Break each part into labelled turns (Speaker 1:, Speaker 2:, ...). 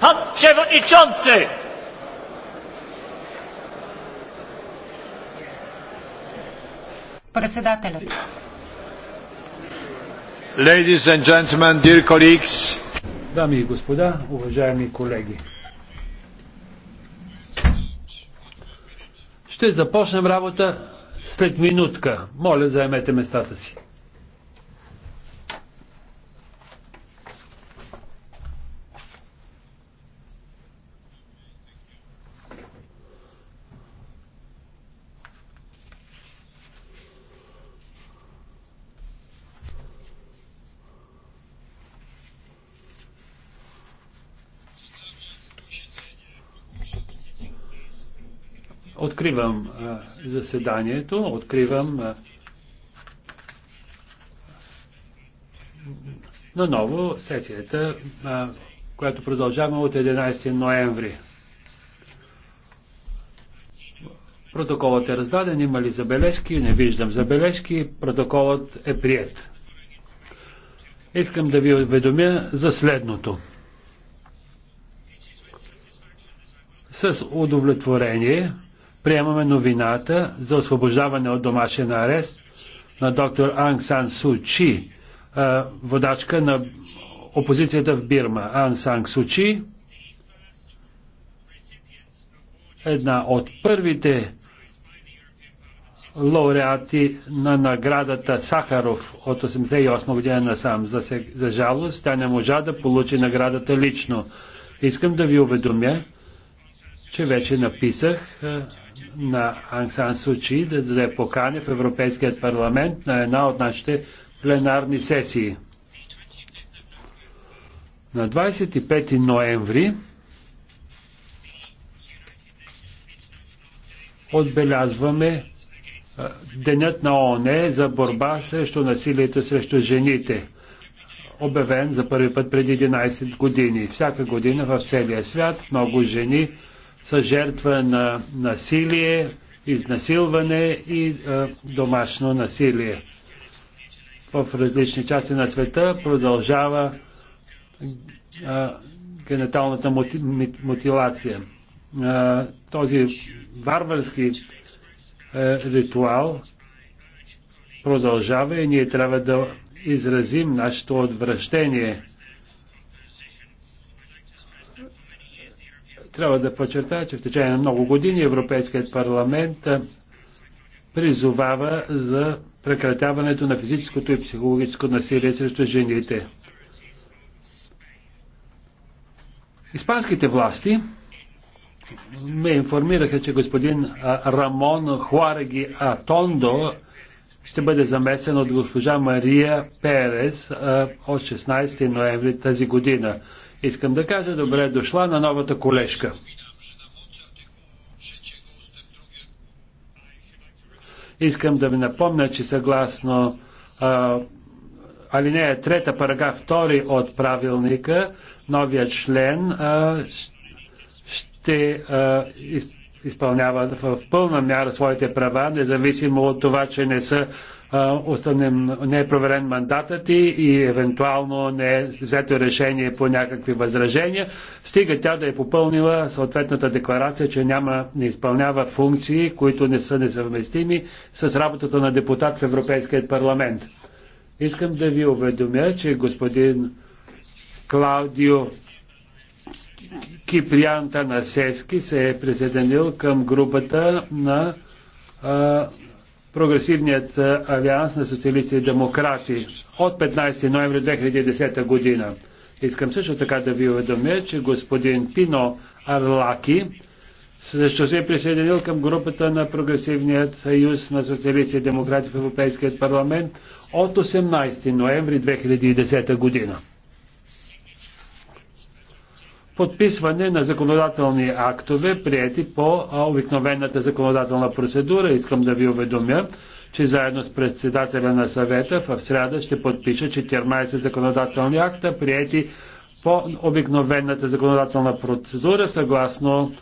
Speaker 1: Pan Przewodniczący! Ladies and gentlemen, dear colleagues. Дами и господа, уважаеми колеги. Ще започнем работа след минутка. Моля, заемете местата си. Откривам а, заседанието, откривам а, наново сесията, а, която продължаваме от 11 ноември. Протоколът е раздаден, има ли забележки? Не виждам забележки. Протоколът е прият. Искам да ви уведомя за следното. С удовлетворение приемаме новината за освобождаване от домашен арест на доктор Анг Сан Су Чи, е, водачка на опозицията в Бирма. Анг Сан Су Чи, една от първите лауреати на наградата Сахаров от 1988 година насам. За, се, за жалост, тя не можа да получи наградата лично. Искам да ви уведомя, че вече написах на Ансан Сучи да даде покане в Европейският парламент на една от нашите пленарни сесии. На 25 ноември отбелязваме Денят на ООН за борба срещу насилието срещу жените, обявен за първи път преди 11 години. Всяка година в целия свят много жени са жертва на насилие, изнасилване и а, е, домашно насилие. В различни части на света продължава а, е, генеталната мутилация. А, е, този варварски а, ритуал продължава и ние трябва да изразим нашето отвращение Трябва да подчертая, че в течение на много години Европейският парламент призовава за прекратяването на физическото и психологическо насилие срещу жените. Испанските власти ме информираха, че господин Рамон Хуареги Атондо ще бъде замесен от госпожа Мария Перес от 16 ноември тази година. Искам да кажа добре е дошла на новата колежка. Искам да ви напомня, че съгласно а, алинея 3, параграф 2 от правилника, новия член а, ще а, изпълнява в пълна мяра своите права, независимо от това, че не са останем, не е проверен мандатът и, евентуално не е взето решение по някакви възражения, стига тя да е попълнила съответната декларация, че няма, не изпълнява функции, които не са несъвместими с работата на депутат в Европейския парламент. Искам да ви уведомя, че господин Клаудио Киприян Танасески се е присъединил към групата на а, Прогресивният алианс на социалисти и демократи от 15 ноември 2010 година. Искам също така да ви уведомя, че господин Пино Арлаки също се е присъединил към групата на Прогресивният съюз на социалисти и демократи в Европейският парламент от 18 ноември 2010 година подписване на законодателни актове, прияти по обикновената законодателна процедура. Искам да ви уведомя, че заедно с председателя на съвета в среда ще подпиша 14 законодателни акта, прияти по обикновената законодателна процедура, съгласно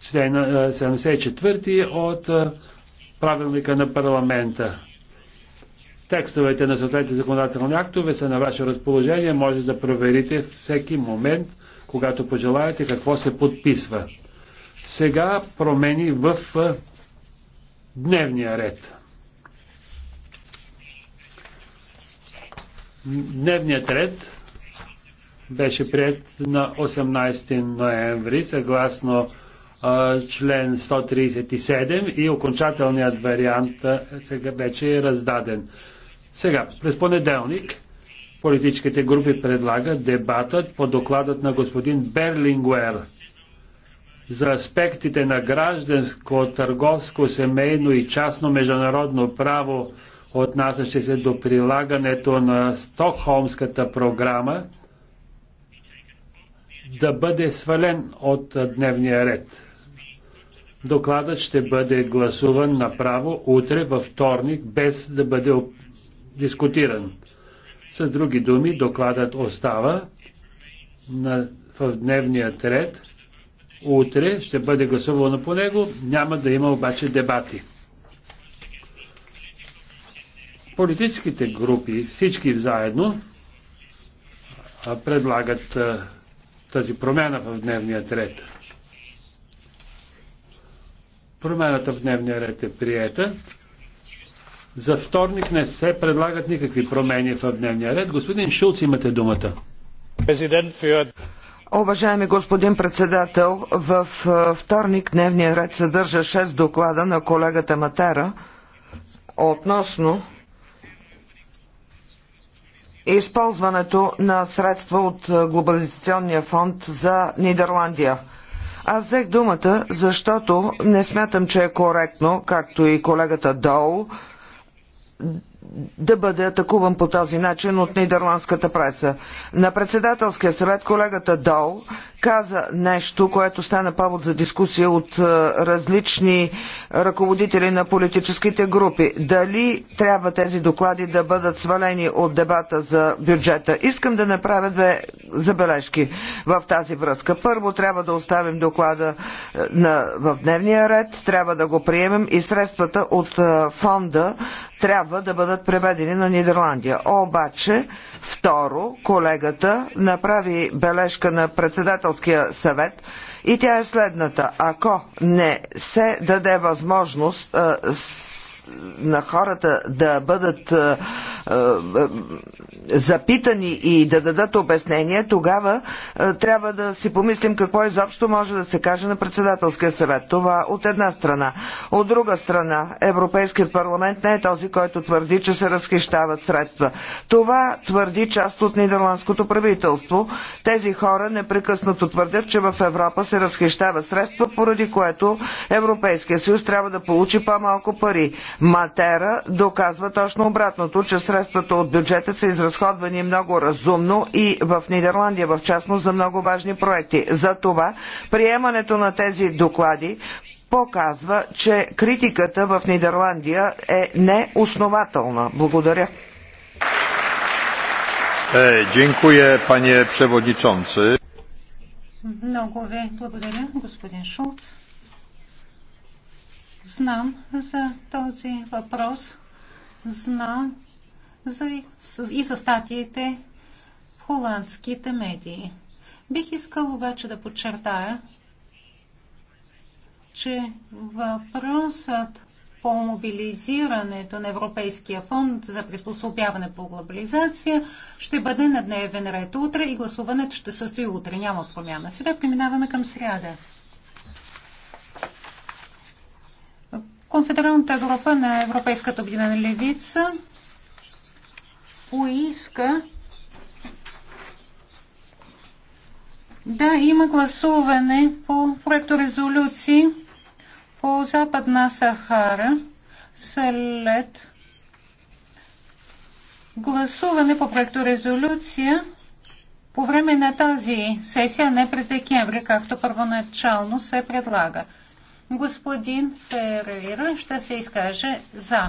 Speaker 1: член 74 от правилника на парламента. Текстовете на съответните законодателни актове са на ваше разположение. Може да проверите всеки момент, когато пожелаете, какво се подписва. Сега промени в дневния ред. Дневният ред беше прият на 18 ноември, съгласно а, член 137 и окончателният вариант а, сега вече е раздаден. Сега, през понеделник политическите групи предлагат дебатът по докладът на господин Берлингуер за аспектите на гражданско, търговско, семейно и частно международно право, отнасящи се до прилагането на Стокхолмската програма, да бъде свален от дневния ред. Докладът ще бъде гласуван направо утре във вторник, без да бъде дискутиран. С други думи, докладът остава на, в дневния ред. Утре ще бъде гласувано по него, няма да има обаче дебати. Политическите групи, всички заедно, предлагат тази промяна в дневния ред. Промяната в дневния ред е приета. За вторник не се предлагат никакви промени в дневния ред. Господин Шулц, имате думата.
Speaker 2: Уважаеми господин председател, в е, вторник дневния ред съдържа 6 доклада на колегата Матера относно използването на средства от е, Глобализационния фонд за Нидерландия. Аз взех думата, защото не смятам, че е коректно, както и колегата Дол, да бъде атакуван по този начин от нидерландската преса. На председателския съвет колегата Дол каза нещо, което стана повод за дискусия от е, различни ръководители на политическите групи. Дали трябва тези доклади да бъдат свалени от дебата за бюджета? Искам да направя две забележки в тази връзка. Първо, трябва да оставим доклада е, на, в дневния ред, трябва да го приемем и средствата от е, фонда трябва да бъдат преведени на Нидерландия. Обаче, второ, колегата направи бележка на председател председателския съвет и тя е следната. Ако не се даде възможност с на хората да бъдат е, е, запитани и да дадат обяснение, тогава е, трябва да си помислим какво изобщо може да се каже на председателския съвет. Това от една страна. От друга страна, Европейският парламент не е този, който твърди, че се разхищават средства. Това твърди част от нидерландското правителство. Тези хора непрекъснато твърдят, че в Европа се разхищават средства, поради което Европейския съюз трябва да получи по-малко пари. Матера доказва точно обратното, че средствата от бюджета са изразходвани много разумно и в Нидерландия в частност за много важни проекти. За това приемането на тези доклади показва, че критиката в Нидерландия е неоснователна. Благодаря.
Speaker 1: Е, дякую, пане
Speaker 3: Много ви благодаря, господин Шулц. Знам за този въпрос, знам за, и за статиите в холандските медии. Бих искал обаче да подчертая, че въпросът по мобилизирането на Европейския фонд за приспособяване по глобализация ще бъде на дневен ред утре и гласуването ще състои утре. Няма промяна. Сега преминаваме към сряда. Конфедералната група на Европейската обединена левица поиска да има гласуване по проекто резолюции по Западна Сахара след гласуване по проекто резолюция по време на тази сесия, не през декември, както първоначално се предлага. Господин Ферера ще се изкаже за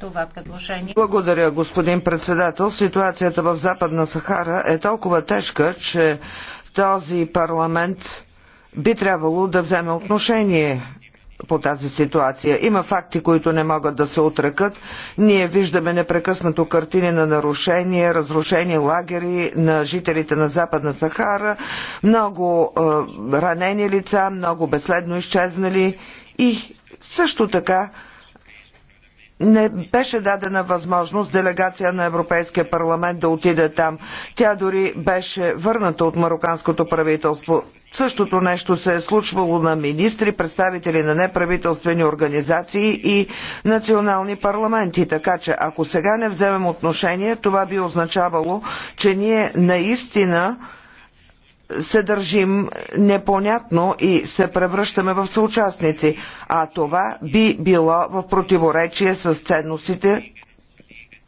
Speaker 3: това предложение.
Speaker 2: Благодаря, господин председател. Ситуацията в Западна Сахара е толкова тежка, че този парламент би трябвало да вземе отношение по тази ситуация. Има факти, които не могат да се отрекат. Ние виждаме непрекъснато картини на нарушения, разрушени лагери на жителите на Западна Сахара, много е, ранени лица, много безследно изчезнали и също така не беше дадена възможност делегация на Европейския парламент да отиде там. Тя дори беше върната от мароканското правителство. Същото нещо се е случвало на министри, представители на неправителствени организации и национални парламенти. Така че ако сега не вземем отношение, това би означавало, че ние наистина се държим непонятно и се превръщаме в съучастници, а това би било в противоречие с ценностите,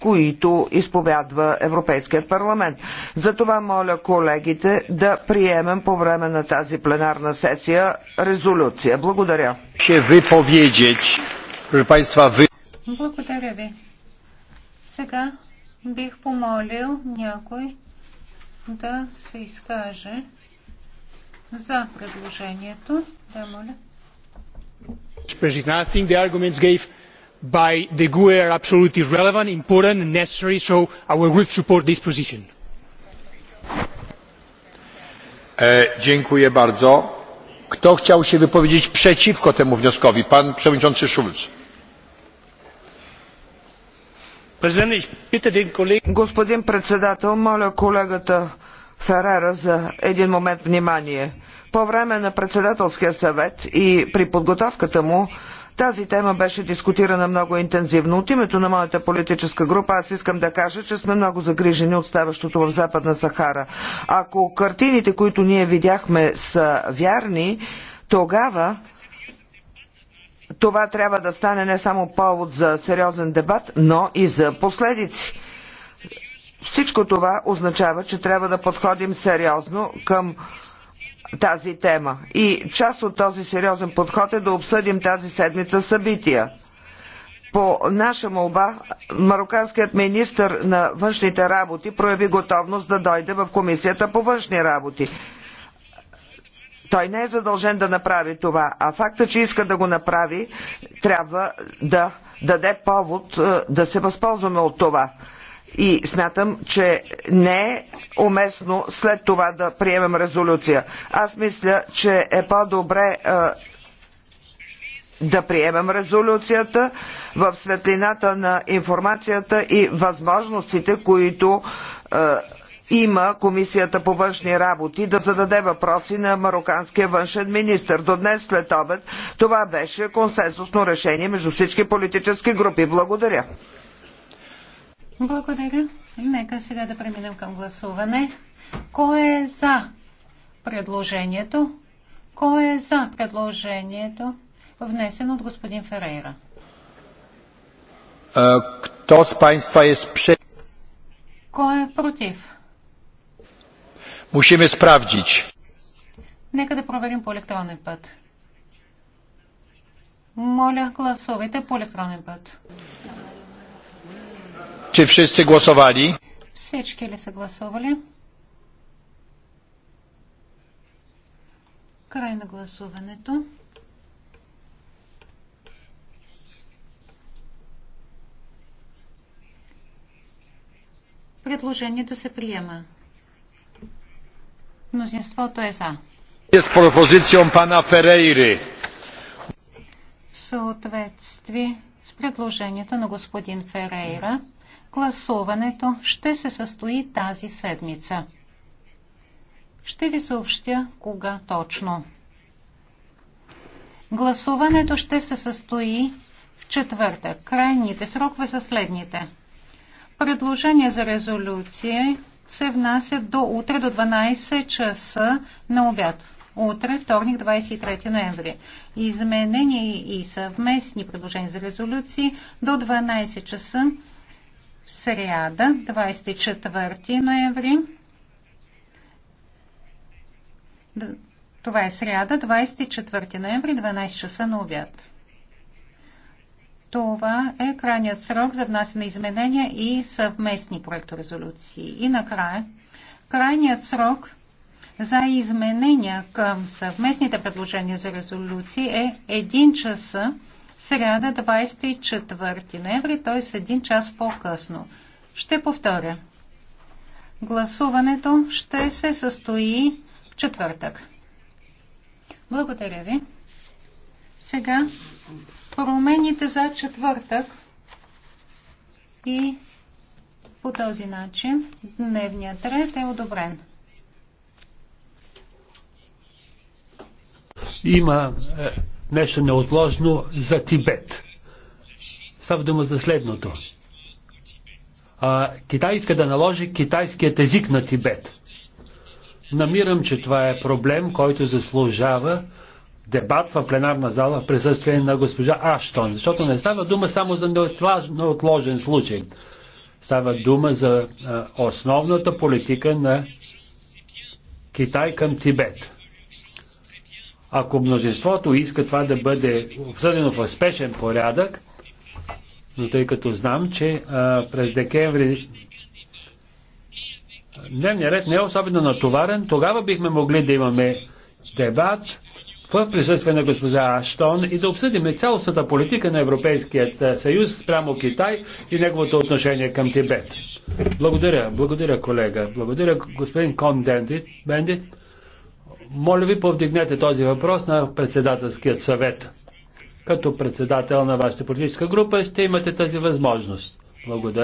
Speaker 2: които изповядва Европейският парламент. Затова моля колегите да приемем по време на тази пленарна сесия резолюция. Благодаря.
Speaker 3: Благодаря ви. Сега бих помолил някой да се изкаже за предложението. Да, моля.
Speaker 1: President, I think the arguments gave by the GUE are absolutely relevant, important and necessary, so our group support this position. E, dziękuję bardzo. Kto chciał się wypowiedzieć przeciwko temu wnioskowi? Pan przewodniczący Schulz
Speaker 2: Господин председател, моля колегата Ферера за един момент внимание. По време на председателския съвет и при подготовката му тази тема беше дискутирана много интензивно. От името на моята политическа група аз искам да кажа, че сме много загрижени от ставащото в Западна Сахара. Ако картините, които ние видяхме, са вярни, тогава това трябва да стане не само повод за сериозен дебат, но и за последици. Всичко това означава, че трябва да подходим сериозно към тази тема. И част от този сериозен подход е да обсъдим тази седмица събития. По наша молба, мароканският министр на външните работи прояви готовност да дойде в Комисията по външни работи. Той не е задължен да направи това, а факта, че иска да го направи, трябва да даде повод е, да се възползваме от това. И смятам, че не е уместно след това да приемем резолюция. Аз мисля, че е по-добре е, да приемем резолюцията в светлината на информацията и възможностите, които е, има Комисията по външни работи да зададе въпроси на мароканския външен министр. До днес след обед това беше консенсусно решение между всички политически групи. Благодаря.
Speaker 3: Благодаря. Нека сега да преминем към гласуване. Кой е за предложението? Кой е за предложението, внесено от господин Ферейра?
Speaker 1: Е, кто с панства е спше...
Speaker 3: Кой е против?
Speaker 1: Musimy sprawdzić.
Speaker 3: Нека да проверим по електронен път. Моля, гласувайте по електронен път.
Speaker 1: Czy wszyscy głosowali?
Speaker 3: Всички ли са гласували? Край на гласуването. Предложението се приема. Мнозинството е за. С
Speaker 1: пана Ферейри.
Speaker 3: В съответствие с предложението на господин Ферейра, гласуването ще се състои тази седмица. Ще ви съобщя кога точно. Гласуването ще се състои в четвъртък. Крайните срокове са следните. Предложение за резолюция се внасят до утре до 12 часа на обяд. Утре, вторник, 23 ноември. Изменени и съвместни предложения за резолюции до 12 часа в сряда, 24 ноември. Това е сряда, 24 ноември, 12 часа на обяд. Това е крайният срок за внасяне изменения и съвместни проекторезолюции. И накрая, крайният срок за изменения към съвместните предложения за резолюции е 1 часа сряда 24 ноември, т.е. 1 час по-късно. Ще повторя. Гласуването ще се състои в четвъртък. Благодаря ви. Сега промените за четвъртък и по този начин дневният ред е одобрен.
Speaker 1: Има е, нещо неотложно за Тибет. Става дума за следното. А, Китай иска да наложи китайският език на Тибет. Намирам, че това е проблем, който заслужава дебат в пленарна зала в присъствие на госпожа Аштон, защото не става дума само за неотложен случай. Става дума за основната политика на Китай към Тибет. Ако множеството иска това да бъде обсъдено в спешен порядък, но тъй като знам, че а, през декември дневният ред не е особено натоварен, тогава бихме могли да имаме дебат в присъствие на госпожа Аштон и да обсъдим цялостната политика на Европейският е, съюз спрямо Китай и неговото отношение към Тибет. Благодаря, благодаря колега. Благодаря господин Кон Бендит. Моля ви повдигнете този въпрос на председателският съвет. Като председател на вашата политическа група ще имате тази възможност. Благодаря.